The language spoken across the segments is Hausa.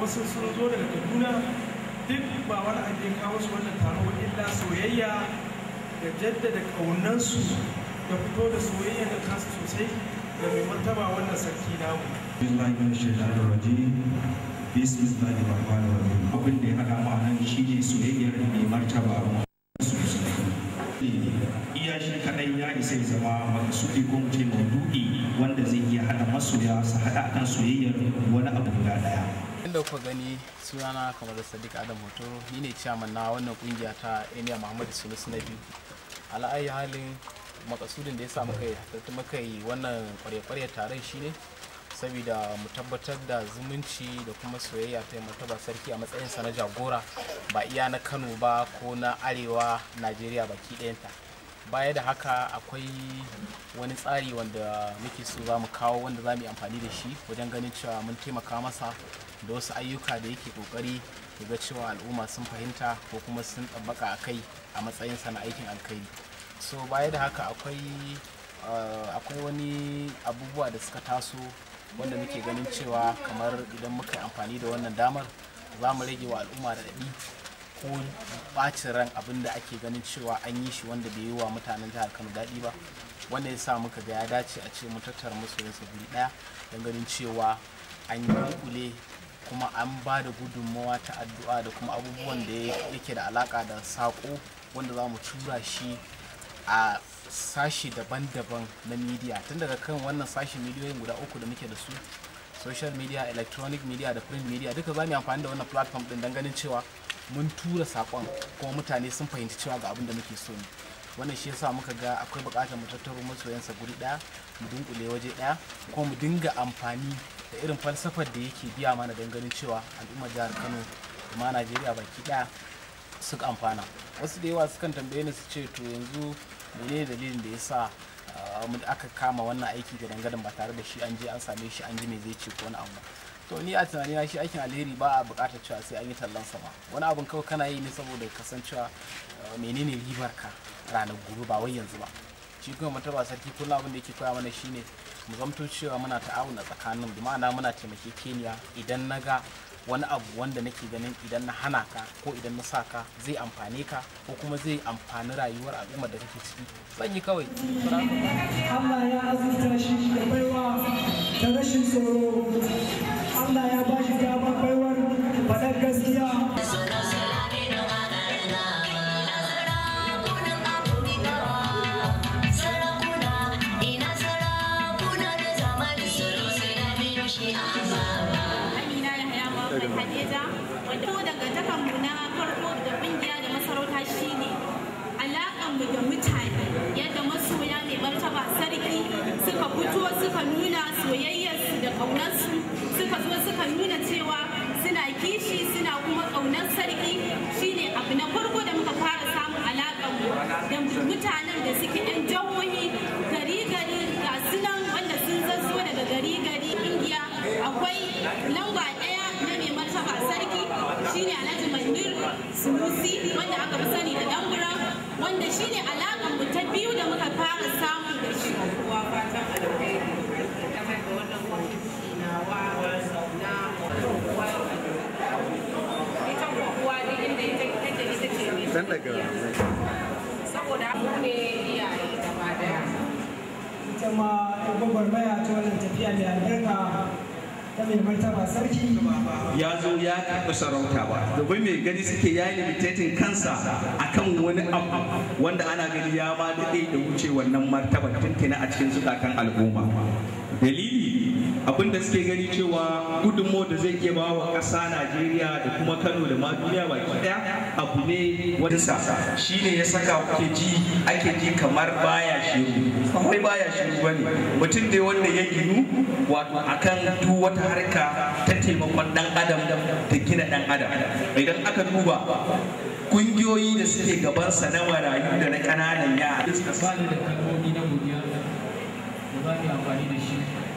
wasu sun zo daga kaduna duk ba wani abu kawo su wannan taro illa soyayya da jaddada ƙaunansu da fito da soyayya da kansu sosai da mai martaba wannan sarki namu. Bismillahi min shaitanir rajim. Bismillahi rahmanir rahim. Abin da ya haɗa mu nan ne soyayyar mai martaba. Iya shi kaɗai ya isa ya zama makasudi ko mutum maudu'i wanda zai iya haɗa masoya su haɗa kan soyayyar wani abu guda ɗaya. inda kuka gani sunana kamar da sadiq adam hoto ni ne ciyaman na wannan kungiya ta emir muhammad sunusu na biyu ala'ayi halin makasudin da ya sa muka yi wannan kwarekwarya tare taron ne saboda mu tabbatar da zumunci da kuma soyayya ta martaba sarki a matsayin sa na jagora ba iya na kano ba ko na arewa najeriya baki ɗayanta baya da haka akwai wani tsari wanda muke so za mu kawo wanda za mu yi amfani da shi wajen ganin cewa mun taimaka masa da wasu ayyuka da yake kokari ya ga cewa al'umma sun fahimta ko kuma sun ɗabbaka a kai a matsayin sana aikin alkhairi so baya da haka akwai eh, akwai wani abubuwa da suka taso wanda muke ganin cewa kamar idan muka yi amfani da wannan damar za mu rage wa al'umma da daɗi ko bacin ran abin da ake ganin cewa an yi shi wanda bai yi wa mutanen jihar kano daɗi ba wanda ya sa muka ga ya dace a ce mu tattara masoyansa guri ɗaya don ganin cewa an yi kule kuma an ba da gudunmawa ta addu'a da kuma abubuwan da yake da alaka da sako wanda za mu tura shi a sashi daban-daban na media tun daga kan wannan sashi miliyoyin guda uku da muke da su social media electronic media da print media duka za mu amfani da wannan platform din don ganin cewa mun tura sakon kuma mutane sun fahimci cewa ga abin da muke so ne wannan shi yasa muka ga akwai bukatar mu tattaro masoyansa guri ɗaya, mu dunkule waje daya kuma mu dinga amfani da irin falsafar da yake biya mana ganin cewa al'ummar jihar kano da ma najeriya baki daya suka amfana wasu da yawa sukan tambaye ni su ce to yanzu ne dalilin da ya sa ah, aka kama wannan aiki da dangane ba tare da shi an je an same shi an ji me zai ce ko wani abu to ni a tunani na shi aikin alheri ba a bukatar cewa sai an yi tallan sama wani abin kawai kana yi ne saboda kasancewa menene ribar ka ah, ranar gobe ba wai yanzu ba shi kuma mataba sarki kullum abin da yake koya mana shine mu zamto cewa muna ta'awuna tsakanin mu ma'ana muna taimakekeniya idan na ga wani abu wanda nake ganin idan na hana ka ko idan na sa ka zai amfane ka ko kuma zai amfani rayuwar al'ummar da kake ciki zan yi kawai Allah ya azurta shi da baiwa da rashin tsoro Allah ya ba shi damar baiwar faɗar gaskiya Hadeja wanda ko dangantakar na farko da kungiya da masarauta shine alakan mu da mutane yadda masoya mai martaba sarki suka fito suka nuna soyayyarsu da ƙaunarsu suka zo suka nuna cewa suna kishi suna kuma ƙaunar sarki shine abu na farko da muka fara samun alakan mu da mutanen da suke ɗan jahohi gari gari ga sunan wanda sun zazzo daga gari gari indiya akwai lamba sunusi wanda aka fi sani da dan buran wanda shine alaƙar mu ta biyu da muka fara samu da shi kowa fatan alheri game da wannan wakilci nawa na kowa ita kowa da inda ita take ita ce mai dan daga saboda mu ne iyaye da gaba daya ita ma gwagwarmaya ta wannan tafiya mai albarka ya zo ya karɓi sarauta ba domin mai gani suke ya yi limitatin kansa a kan wani abu wanda ana gani ya ma daɗe da wuce wannan martaba tun a cikin zukatan al'umma dalili abin da suke gani cewa gudunmo da zai iya ba wa ƙasa najeriya da kuma kano da ma duniya baki ɗaya abu ne wani sasa shi ne ya saka kuke ji ake ji kamar baya shiru akwai baya shiru ba ne mutum da wanda ya ginu wato akan duk wata harka ta taimakon ɗan adam da gina ɗan adam idan aka duba kungiyoyi da suke gabansa na marayu da na ƙananan yara.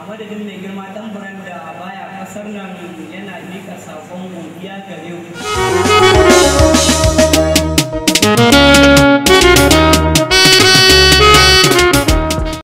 a madadin mai girma tamburan da baya kasar nan yana mika sakon godiya gare ku